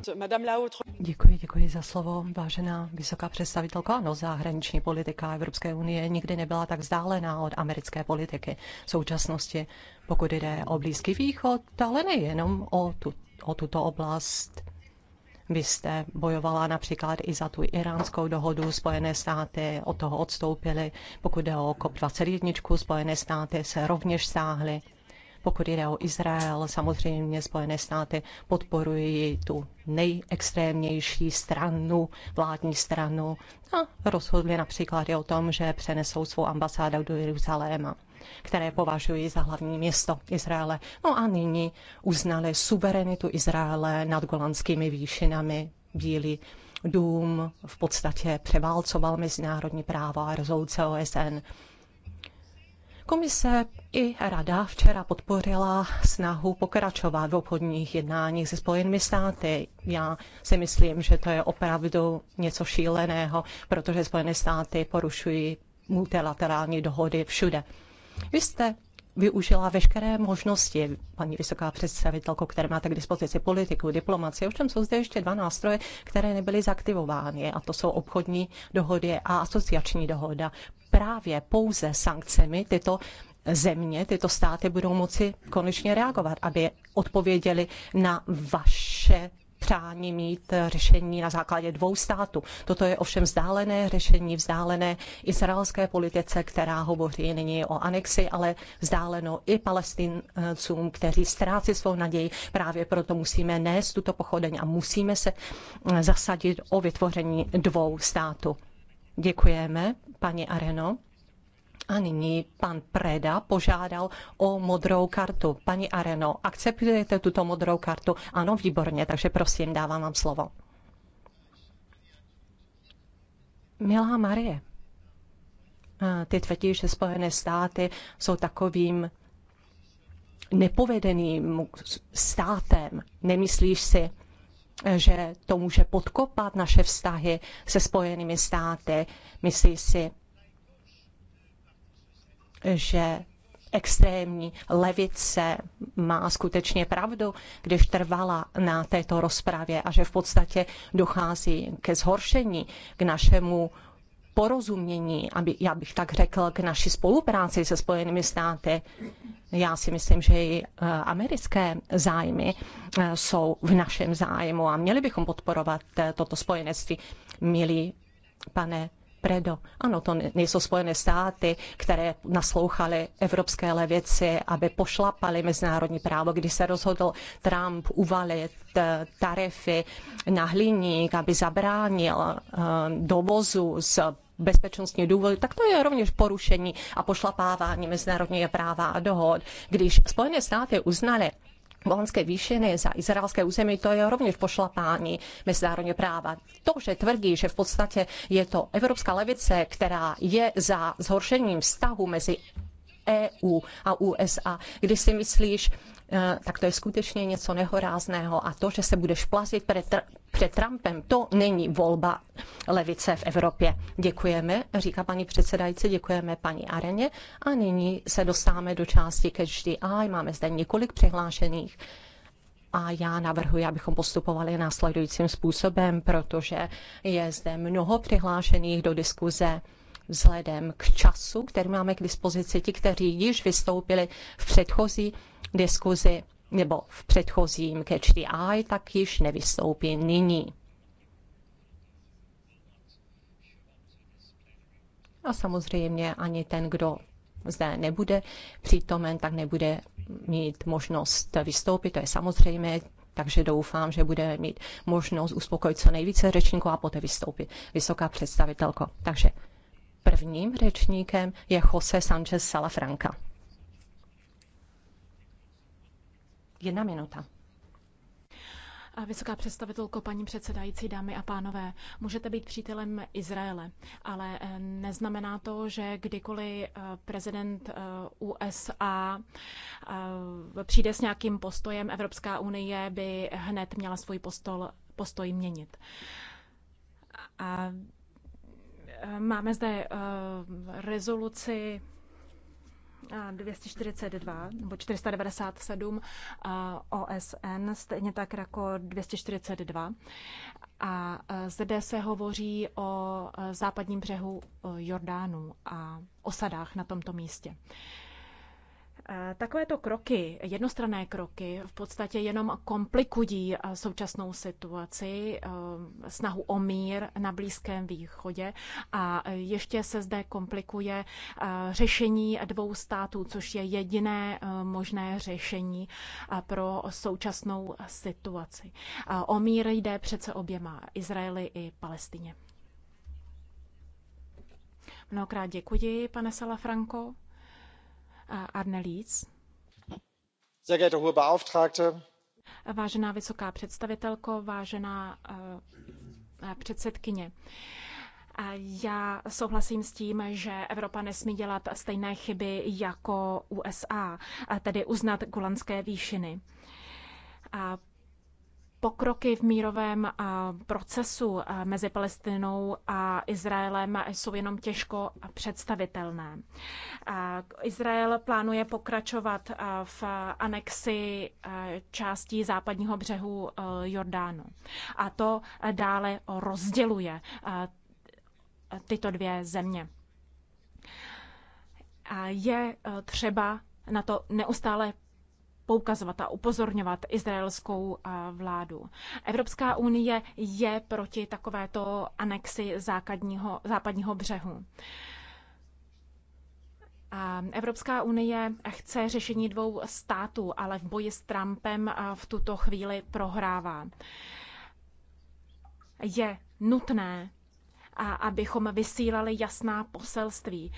Děkuji, děkuji za slovo, vážená vysoká představitelka. Ano, zahraniční politika Evropské unie nikdy nebyla tak vzdálená od americké politiky v současnosti, pokud jde o Blízký východ, ale nejenom o, tu, o tuto oblast. Vy jste bojovala například i za tu iránskou dohodu, Spojené státy od toho odstoupily. Pokud jde o COP21, Spojené státy se rovněž stáhly. Pokud jde o Izrael, samozřejmě Spojené státy podporují tu nejextrémnější stranu, vládní stranu a rozhodli například i o tom, že přenesou svou ambasádu do Jeruzaléma které považují za hlavní město Izraele. No a nyní uznali suverenitu Izraele nad golanskými výšinami Bílý dům v podstatě převálcoval mezinárodní právo a rezoluce OSN Komise i rada včera podpořila snahu pokračovat v obchodních jednáních se Spojenými státy. Já si myslím, že to je opravdu něco šíleného, protože Spojené státy porušují multilaterální dohody všude. Vy jste využila veškeré možnosti, paní vysoká představitelko, které máte k dispozici politiku, diplomaci, ovšem jsou zde ještě dva nástroje, které nebyly zaktivovány, a to jsou obchodní dohody a asociační dohoda právě pouze sankcemi tyto země, tyto státy budou moci konečně reagovat, aby odpověděli na vaše přání mít řešení na základě dvou států. Toto je ovšem vzdálené řešení, vzdálené izraelské politice, která hovoří nyní o anexi, ale vzdáleno i palestincům, kteří ztrácí svou naději. Právě proto musíme nést tuto pochodeň a musíme se zasadit o vytvoření dvou států. Děkujeme, paní Areno. A nyní pan Preda požádal o modrou kartu. Paní Areno, akceptujete tuto modrou kartu? Ano, výborně, takže prosím, dávám vám slovo. Milá Marie, ty tvrdí, že Spojené státy jsou takovým nepovedeným státem. Nemyslíš si, že to může podkopat naše vztahy se Spojenými státy. Myslí si, že extrémní levice má skutečně pravdu, když trvala na této rozpravě a že v podstatě dochází ke zhoršení, k našemu porozumění, aby, já bych tak řekl, k naší spolupráci se Spojenými státy. Já si myslím, že i eh, americké zájmy eh, jsou v našem zájmu a měli bychom podporovat eh, toto spojenectví. Milí pane Predo. Ano, to nejsou Spojené státy, které naslouchaly evropské levici, aby pošlapali mezinárodní právo, když se rozhodl Trump uvalit tarify na hliník, aby zabránil dovozu z bezpečnostní důvody, tak to je rovněž porušení a pošlapávání mezinárodního práva a dohod. Když Spojené státy uznaly Golanské výšiny za izraelské území, to je rovněž pošlapání mezinárodního práva. To, že tvrdí, že v podstatě je to evropská levice, která je za zhoršením vztahu mezi EU a USA. Když si myslíš, eh, tak to je skutečně něco nehorázného a to, že se budeš plazit před, před Trumpem, to není volba levice v Evropě. Děkujeme, říká paní předsedající, děkujeme paní Areně a nyní se dostáváme do části Catch the Eye. Máme zde několik přihlášených a já navrhuji, abychom postupovali následujícím způsobem, protože je zde mnoho přihlášených do diskuze vzhledem k času, který máme k dispozici, ti, kteří již vystoupili v předchozí diskuzi nebo v předchozím Catch the Eye, tak již nevystoupí nyní. A samozřejmě ani ten, kdo zde nebude přítomen, tak nebude mít možnost vystoupit, to je samozřejmě, takže doufám, že budeme mít možnost uspokojit co nejvíce řečníků a poté vystoupit vysoká představitelko. Takže Prvním řečníkem je Jose Sanchez Salafranca. Jedna minuta. Vysoká představitelko, paní předsedající, dámy a pánové, můžete být přítelem Izraele, ale eh, neznamená to, že kdykoliv eh, prezident eh, USA přijde s nějakým postojem, Evropská unie by hned měla svůj postol, postoj měnit. A Máme zde eh, rezoluci 242 eh, nebo 497 eh, OSN, stejně tak jako 242. A zde se hovoří o západním břehu Jordánu a osadách na tomto místě. Eh, takovéto kroky, jednostranné kroky, v podstatě jenom komplikují eh, současnou situaci, eh, snahu o mír na Blízkém východě a ještě se zde komplikuje řešení dvou států, což je jediné možné řešení pro současnou situaci. O mír jde přece oběma, Izraeli i Palestině. Mnohokrát děkuji, pane Salafranko. Sehr geehrte hohe Beauftragte. Vážená vysoká představitelko, vážená eh, eh, předsedkyně. Já souhlasím s tím, že Evropa nesmí dělat stejné chyby jako USA, tedy uznat golanské výšiny. A Pokroky v mírovém procesu mezi Palestinou a Izraelem jsou jenom těžko představitelné. Izrael plánuje pokračovat v anexi částí západního břehu e, Jordánu. A to e, dále rozděluje e, tyto dvě země. Je třeba na to neustále poukazovat a upozorňovat izraelskou eh, vládu. Evropská unie je proti takovéto anexi základního, západního břehu. Evropská unie chce řešení dvou států, ale v boji s Trumpem eh, v tuto chvíli prohrává. Je nutné a abychom vysílali jasná poselství.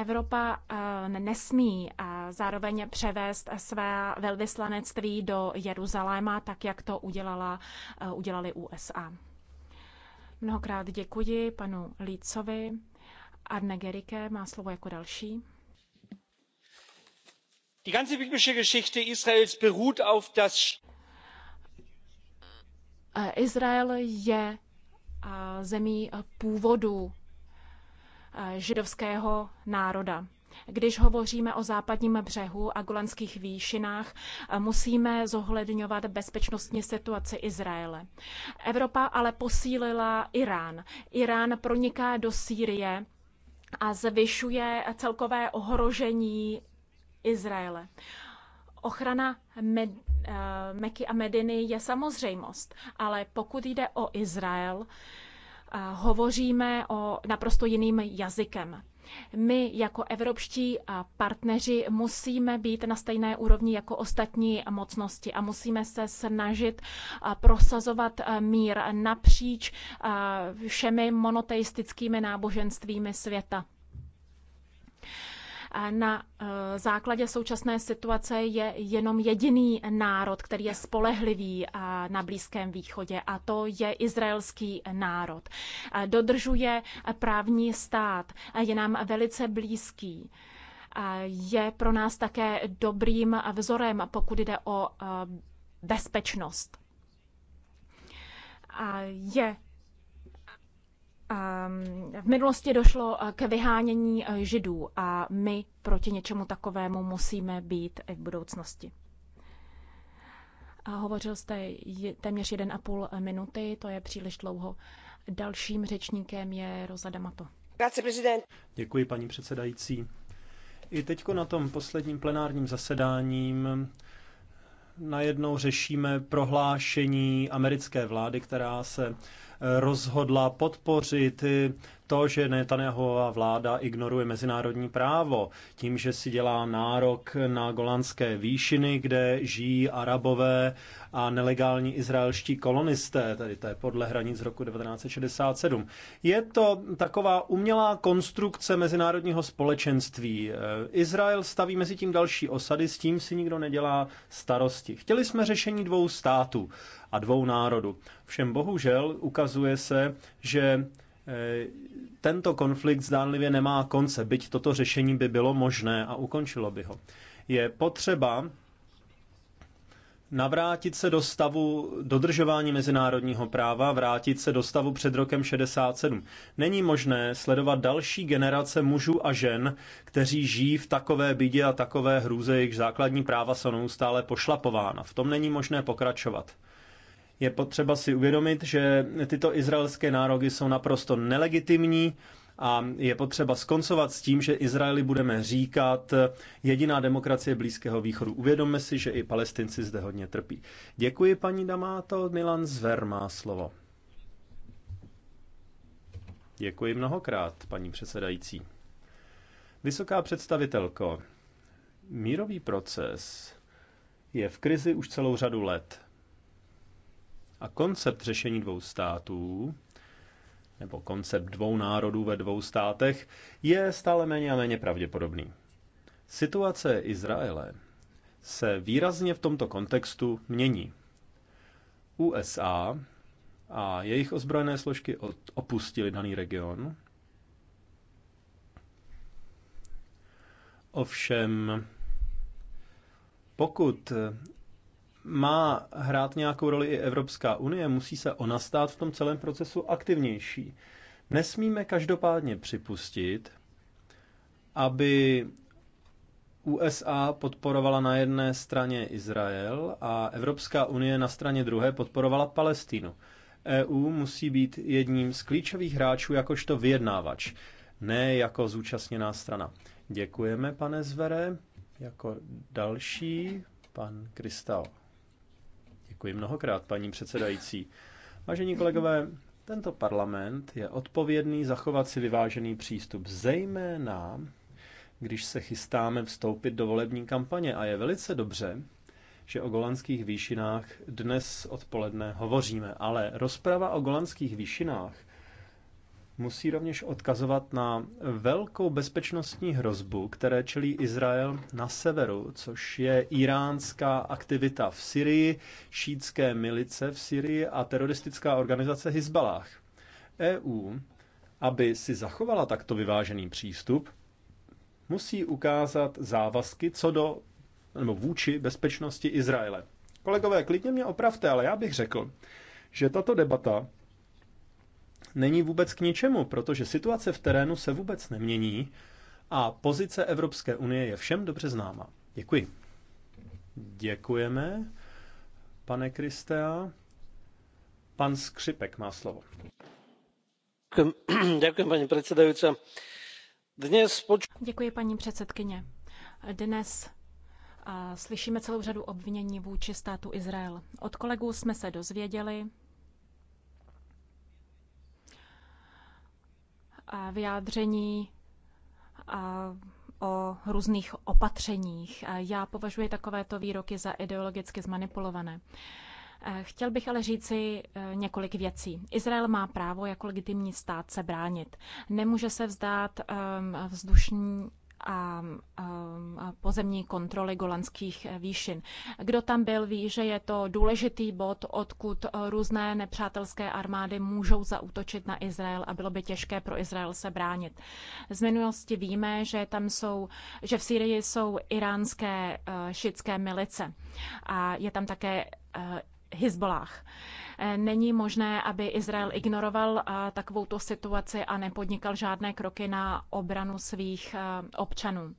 Evropa eh, nesmí eh, zároveň převést své velvyslanectví do Jeruzaléma, tak jak to udělala, eh, udělali USA. Mnohokrát děkuji panu Lícovi. Arne Gerike má slovo jako další. Die ganze biblische Geschichte Israels beruht auf das Izrael je zemí eh, původu eh, židovského národa. Když hovoříme o západním břehu a golanských výšinách, eh, musíme zohledňovat bezpečnostní situaci Izraele. Evropa ale posílila Irán. Irán proniká do Sýrie a zvyšuje celkové ohrožení Izraele. Ochrana Med, eh, Meky a Mediny je samozřejmost, ale pokud jde o Izrael, eh, hovoříme o naprosto jiným jazykem. My jako evropští eh, partneři musíme být na stejné úrovni jako ostatní mocnosti a musíme se snažit prosazovat mír napříč všemi monoteistickými náboženstvími světa na eh, základě současné situace je jenom jediný národ, který je spolehlivý eh, na Blízkém východě a to je izraelský národ. Dodržuje právní stát, je nám velice blízký. Je pro nás také dobrým vzorem, pokud jde o eh, bezpečnost. Je Ehm, v minulosti došlo eh, k vyhánění eh, židů a my proti něčemu takovému musíme být i v budoucnosti. A hovořil jste téměř 1,5 minuty, to je příliš dlouho. Dalším řečníkem je Roza D'Amato. Děkuji, paní předsedající. I teď na tom posledním plenárním zasedáním najednou řešíme prohlášení americké vlády, která se rozhodla podpořit to, že Netanyahuová vláda ignoruje mezinárodní právo tím, že si dělá nárok na golandské výšiny, kde žijí arabové a nelegální izraelští kolonisté, tedy to je podle hranic roku 1967. Je to taková umělá konstrukce mezinárodního společenství. Izrael staví mezi tím další osady, s tím si nikdo nedělá starosti. Chtěli jsme řešení dvou států, a dvou národů. Všem bohužel ukazuje se, že e, tento konflikt zdánlivě nemá konce, byť toto řešení by bylo možné a ukončilo by ho. Je potřeba navrátit se do stavu dodržování mezinárodního práva, vrátit se do stavu před rokem 67. Není možné sledovat další generace mužů a žen, kteří žijí v takové bídě a takové hrůze, jejichž základní práva jsou neustále pošlapována. V tom není možné pokračovat. Je potřeba si uvědomit, že tyto izraelské nároky jsou naprosto nelegitimní a je potřeba skoncovat s tím, že Izraeli budeme říkat jediná demokracie Blízkého východu. Uvědomme si, že i palestinci zde hodně trpí. Děkuji paní Damáto, Milan Zver má slovo. Děkuji mnohokrát, paní předsedající. Vysoká představitelko, mírový proces je v krizi už celou řadu let. A koncept řešení dvou států, nebo koncept dvou národů ve dvou státech, je stále méně a méně pravděpodobný. Situace Izraele se výrazně v tomto kontextu mění. USA a jejich ozbrojené složky opustili daný region. Ovšem, pokud má hrát nějakou roli i Evropská unie, musí se ona stát v tom celém procesu aktivnější. Nesmíme každopádně připustit, aby USA podporovala na jedné straně Izrael a Evropská unie na straně druhé podporovala Palestínu. EU musí být jedním z klíčových hráčů jakožto vyjednávač, ne jako zúčastněná strana. Děkujeme, pane Zvere. Jako další, pan Kristal Děkuji mnohokrát, paní předsedající. Vážení kolegové, tento parlament je odpovědný zachovat si vyvážený přístup, zejména když se chystáme vstoupit do volební kampaně. A je velice dobře, že o golandských výšinách dnes odpoledne hovoříme. Ale rozprava o golandských výšinách musí rovněž odkazovat na velkou bezpečnostní hrozbu, které čelí Izrael na severu, což je iránská aktivita v Syrii, šítské milice v Syrii a teroristická organizace Hizbalách. EU, aby si zachovala takto vyvážený přístup, musí ukázat závazky co do nebo vůči bezpečnosti Izraele. Kolegové, klidně mě opravte, ale já bych řekl, že tato debata není vůbec k ničemu, protože situace v terénu se vůbec nemění a pozice Evropské unie je všem dobře známa. Děkuji. Děkujeme, pane Kristea. Pan Skřipek má slovo. Děkuji, paní předsedající. Dnes poč... Děkuji, paní předsedkyně. Dnes slyšíme celou řadu obvinění vůči státu Izrael. Od kolegů jsme se dozvěděli, vyjádření o různých opatřeních. Já považuji takovéto výroky za ideologicky zmanipulované. Chtěl bych ale říci e, několik věcí. Izrael má právo jako legitimní stát se bránit. Nemůže se vzdát e, vzdušní a, a pozemní kontroly golanských výšin. Kdo tam byl, ví, že je to důležitý bod, odkud různé nepřátelské armády můžou zautočit na Izrael a bylo by těžké pro Izrael se bránit. Z minulosti víme, že tam jsou, že v Syrii jsou iránské eh, šitské milice a je tam také Hezbollah. Eh, Eh, není možné, aby Izrael ignoroval eh, takovou situaci a nepodnikal žádné kroky na obranu svých eh, občanů.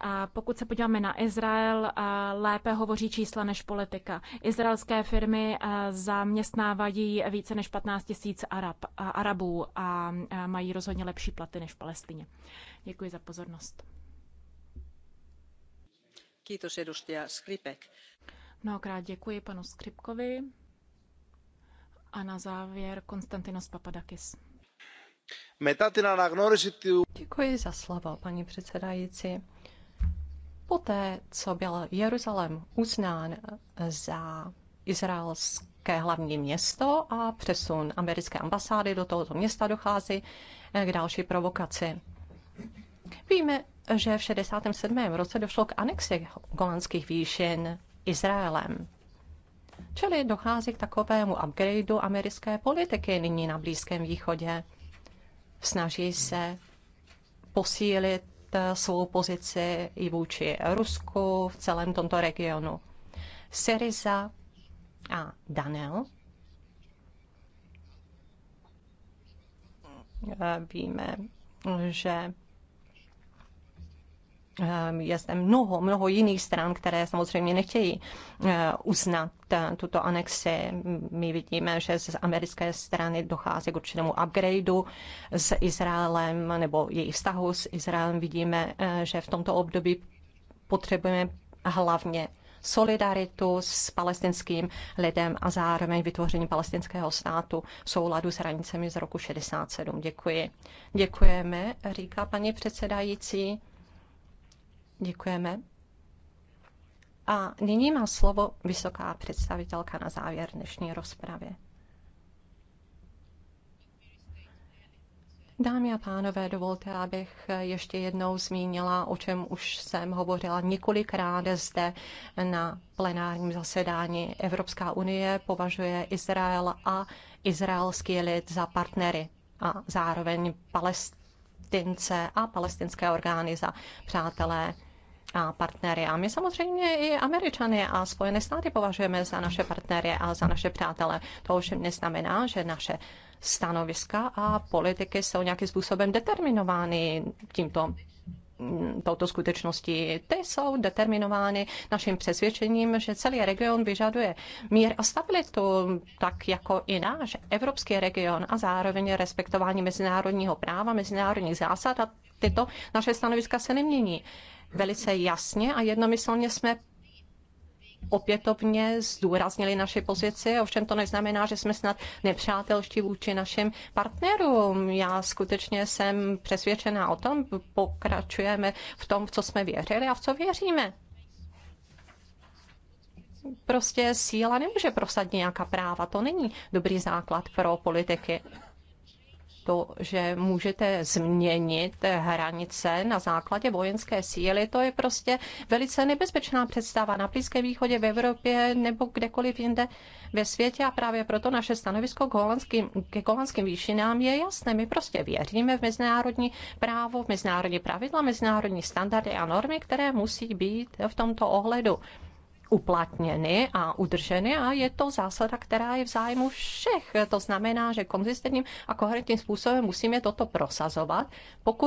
A pokud se podíváme na Izrael, lépe hovoří čísla než politika. Izraelské firmy zaměstnávají více než 15 tisíc Arab, Arabů a mají rozhodně lepší platy než v Palestině. Děkuji za pozornost. Kýtos, edustaja Skripek. Mnohokrát děkuji panu Skripkovi a na závěr Konstantinos Papadakis. Děkuji za slovo, paní předsedající. Poté, co byl Jeruzalém uznán za izraelské hlavní město a přesun americké ambasády do tohoto města dochází k další provokaci. Víme, že v 67. roce došlo k anexi golandských výšin Izraelem. Čili dochází k takovému upgradeu americké politiky nyní na Blízkém východě. Snaží se posílit eh, svou pozici i vůči Rusku v celém tomto regionu. Syriza a Danel. Eh, víme, že Ehm, je zde mnoho, mnoho jiných stran, které samozřejmě nechtějí eh, uznat eh, tuto anexi. My vidíme, že z americké strany dochází k určitému upgradeu s Izraelem nebo jejich vztahu s Izraelem. Vidíme, eh, že v tomto období potřebujeme hlavně solidaritu s palestinským lidem a zároveň vytvoření palestinského státu v souladu s hranicemi z roku 67. Děkuji. Děkujeme, říká paní předsedající. Děkujeme. A nyní má slovo vysoká představitelka na závěr dnešní rozpravy. Dámy a pánové, dovolte, abych ještě jednou zmínila, o čem už jsem hovořila několikrát zde na plenárním zasedání. Evropská unie považuje Izrael a izraelský lid za partnery a zároveň Palest. Palestince a palestinské orgány za přátelé a partnery. A my samozřejmě i Američany a Spojené státy považujeme za naše partnery a za naše přátelé. To ovšem neznamená, že naše stanoviska a politiky jsou nějakým způsobem determinovány tímto Mm, touto skutečnosti, Ty jsou determinovány naším přesvědčením, že celý region vyžaduje mír a stabilitu, tak jako i náš evropský region a zároveň respektování mezinárodního práva, mezinárodních zásad a tyto naše stanoviska se nemění. Velice jasně a jednomyslně jsme opětovně zdůraznili naši pozici, ovšem to neznamená, že jsme snad nepřátelští vůči našim partnerům. Já skutečně jsem přesvědčená o tom, pokračujeme v tom, v co jsme věřili a v co věříme. Prostě síla nemůže prosadit nějaká práva, to není dobrý základ pro politiky to, že můžete změnit hranice na základě vojenské síly, to je prostě velice nebezpečná představa na Blízkém východě, v Evropě nebo kdekoliv jinde ve světě a právě proto naše stanovisko k holandským, ke holandským výšinám je jasné. My prostě věříme v mezinárodní právo, v mezinárodní pravidla, mezinárodní standardy a normy, které musí být v tomto ohledu uplatněny a udrženy a je to zásada, která je v zájmu všech. To znamená, že konzistentním a koherentním způsobem musíme toto prosazovat, pokud